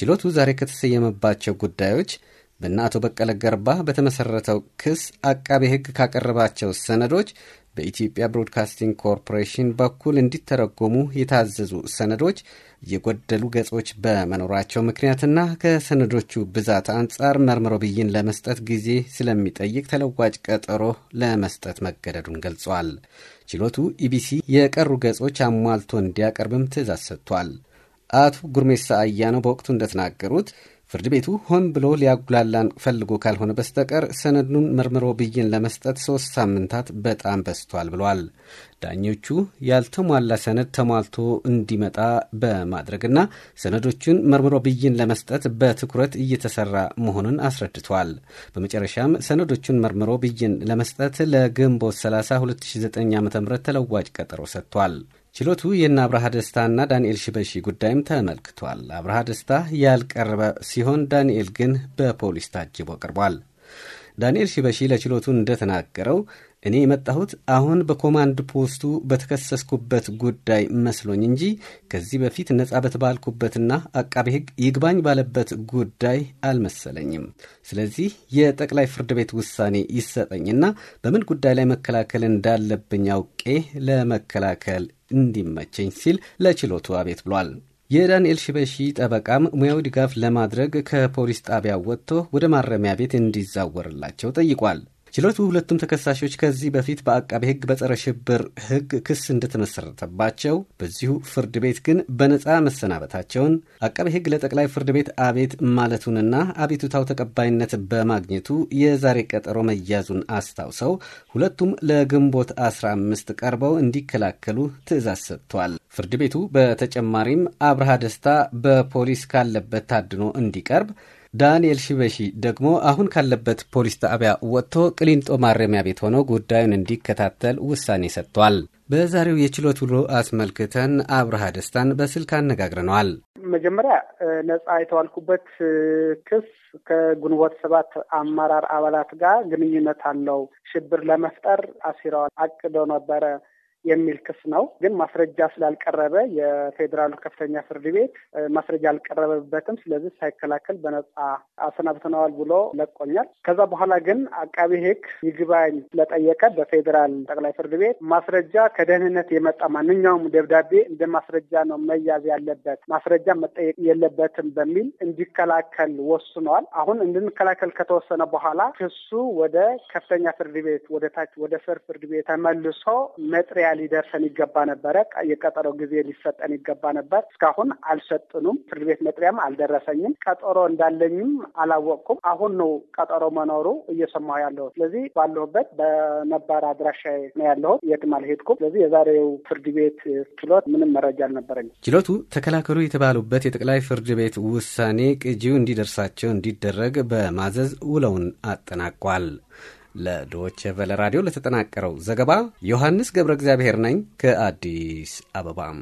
ችሎቱ ዛሬ ከተሰየመባቸው ጉዳዮች በእነ አቶ በቀለ ገርባ በተመሠረተው ክስ አቃቤ ሕግ ካቀረባቸው ሰነዶች በኢትዮጵያ ብሮድካስቲንግ ኮርፖሬሽን በኩል እንዲተረጎሙ የታዘዙ ሰነዶች የጎደሉ ገጾች በመኖራቸው ምክንያትና ከሰነዶቹ ብዛት አንጻር መርምሮ ብይን ለመስጠት ጊዜ ስለሚጠይቅ ተለዋጭ ቀጠሮ ለመስጠት መገደዱን ገልጿል። ችሎቱ ኢቢሲ የቀሩ ገጾች አሟልቶ እንዲያቀርብም ትዕዛዝ ሰጥቷል። አቶ ጉርሜሳ አያነው በወቅቱ እንደተናገሩት ፍርድ ቤቱ ሆን ብሎ ሊያጉላላን ፈልጎ ካልሆነ በስተቀር ሰነዱን መርምሮ ብይን ለመስጠት ሶስት ሳምንታት በጣም በስቷል ብሏል። ዳኞቹ ያልተሟላ ሰነድ ተሟልቶ እንዲመጣ በማድረግና ሰነዶቹን መርምሮ ብይን ለመስጠት በትኩረት እየተሰራ መሆኑን አስረድቷል። በመጨረሻም ሰነዶቹን መርምሮ ብይን ለመስጠት ለግንቦት 30 2009 ም ተለዋጭ ቀጠሮ ሰጥቷል። ችሎቱ የእነ አብርሃ ደስታና ዳንኤል ሽበሺ ጉዳይም ተመልክቷል። አብርሃ ደስታ ያልቀረበ ሲሆን፣ ዳንኤል ግን በፖሊስ ታጅቦ ቀርቧል። ዳንኤል ሽበሺ ለችሎቱ እንደተናገረው እኔ የመጣሁት አሁን በኮማንድ ፖስቱ በተከሰስኩበት ጉዳይ መስሎኝ እንጂ ከዚህ በፊት ነጻ በተባልኩበትና አቃቤ ሕግ ይግባኝ ባለበት ጉዳይ አልመሰለኝም። ስለዚህ የጠቅላይ ፍርድ ቤት ውሳኔ ይሰጠኝና በምን ጉዳይ ላይ መከላከል እንዳለብኝ አውቄ ለመከላከል እንዲመቸኝ ሲል ለችሎቱ አቤት ብሏል። የዳንኤል ሽበሺ ጠበቃም ሙያዊ ድጋፍ ለማድረግ ከፖሊስ ጣቢያ ወጥቶ ወደ ማረሚያ ቤት እንዲዛወርላቸው ጠይቋል። ችሎቱ ሁለቱም ተከሳሾች ከዚህ በፊት በአቃቤ ሕግ በጸረ ሽብር ሕግ ክስ እንደተመሰረተባቸው በዚሁ ፍርድ ቤት ግን በነፃ መሰናበታቸውን አቃቤ ሕግ ለጠቅላይ ፍርድ ቤት አቤት ማለቱንና አቤቱታው ተቀባይነት በማግኘቱ የዛሬ ቀጠሮ መያዙን አስታውሰው ሁለቱም ለግንቦት 15 ቀርበው እንዲከላከሉ ትዕዛዝ ሰጥቷል። ፍርድ ቤቱ በተጨማሪም አብርሃ ደስታ በፖሊስ ካለበት ታድኖ እንዲቀርብ ዳንኤል ሽበሺ ደግሞ አሁን ካለበት ፖሊስ ጣቢያ ወጥቶ ቅሊንጦ ማረሚያ ቤት ሆኖ ጉዳዩን እንዲከታተል ውሳኔ ሰጥቷል። በዛሬው የችሎት ውሎ አስመልክተን አብርሃ ደስታን በስልክ አነጋግረነዋል። መጀመሪያ ነጻ የተዋልኩበት ክስ ከግንቦት ሰባት አመራር አባላት ጋር ግንኙነት አለው፣ ሽብር ለመፍጠር አሲረዋል አቅዶ ነበረ የሚል ክስ ነው። ግን ማስረጃ ስላልቀረበ የፌዴራሉ ከፍተኛ ፍርድ ቤት ማስረጃ አልቀረበበትም፣ ስለዚህ ሳይከላከል በነጻ አሰናብተነዋል ብሎ ለቆኛል። ከዛ በኋላ ግን አቃቢ ሕግ ይግባኝ ስለጠየቀ በፌዴራል ጠቅላይ ፍርድ ቤት ማስረጃ ከደህንነት የመጣ ማንኛውም ደብዳቤ እንደ ማስረጃ ነው መያዝ ያለበት፣ ማስረጃ መጠየቅ የለበትም በሚል እንዲከላከል ወስኗል። አሁን እንድንከላከል ከተወሰነ በኋላ ክሱ ወደ ከፍተኛ ፍርድ ቤት ወደ ታች ወደ ስር ፍርድ ቤት ተመልሶ መጥሪያ ማብራሪያ ሊደርሰን ይገባ ነበረ። የቀጠሮ ጊዜ ሊሰጠን ይገባ ነበር። እስካሁን አልሰጥኑም። ፍርድ ቤት መጥሪያም አልደረሰኝም። ቀጠሮ እንዳለኝም አላወቅኩም። አሁን ነው ቀጠሮ መኖሩ እየሰማሁ ያለሁት። ስለዚህ ባለሁበት በነባር አድራሻ ነው ያለሁት። የትም አልሄድኩም። ስለዚህ የዛሬው ፍርድ ቤት ችሎት ምንም መረጃ አልነበረኝም። ችሎቱ ተከላከሉ የተባሉበት የጠቅላይ ፍርድ ቤት ውሳኔ ቅጂው እንዲደርሳቸው እንዲደረግ በማዘዝ ውለውን አጠናቋል። ለዶቸ ቨለ ራዲዮ ለተጠናቀረው ዘገባ ዮሐንስ ገብረ እግዚአብሔር ነኝ ከአዲስ አበባም